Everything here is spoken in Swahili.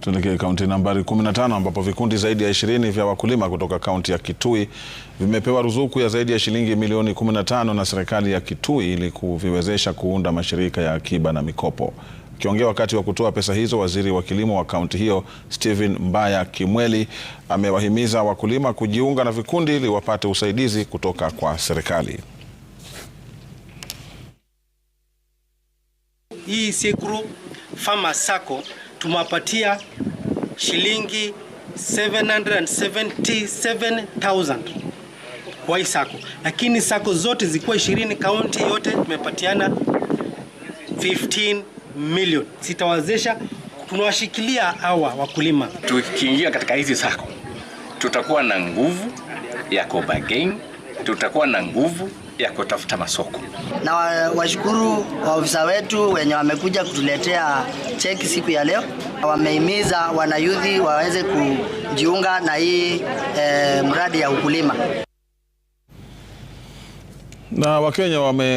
Tuelekee kaunti nambari 15 ambapo vikundi zaidi ya 20 vya wakulima kutoka kaunti ya Kitui vimepewa ruzuku ya zaidi ya shilingi milioni 15 na serikali ya Kitui ili kuviwezesha kuunda mashirika ya akiba na mikopo. Akiongea wakati wa kutoa pesa hizo, waziri wa kilimo wa kaunti hiyo Stephen Mbaya Kimweli amewahimiza wakulima kujiunga na vikundi ili wapate usaidizi kutoka kwa serikali. Hii sikru, Farmer Sacco tumapatia shilingi 777,000 kwa hii sako, lakini sako zote zikuwa 20 kaunti yote tumepatiana 15 million. Sitawazesha, tunawashikilia hawa wakulima. Tukiingia katika hizi sako, tutakuwa na nguvu ya kobagain, tutakuwa na nguvu ya kutafuta masoko. Na washukuru wa waofisa wetu wenye wamekuja kutuletea cheki siku ya leo. Wamehimiza wanayuthi waweze kujiunga na hii e, mradi ya ukulima na Wakenya wame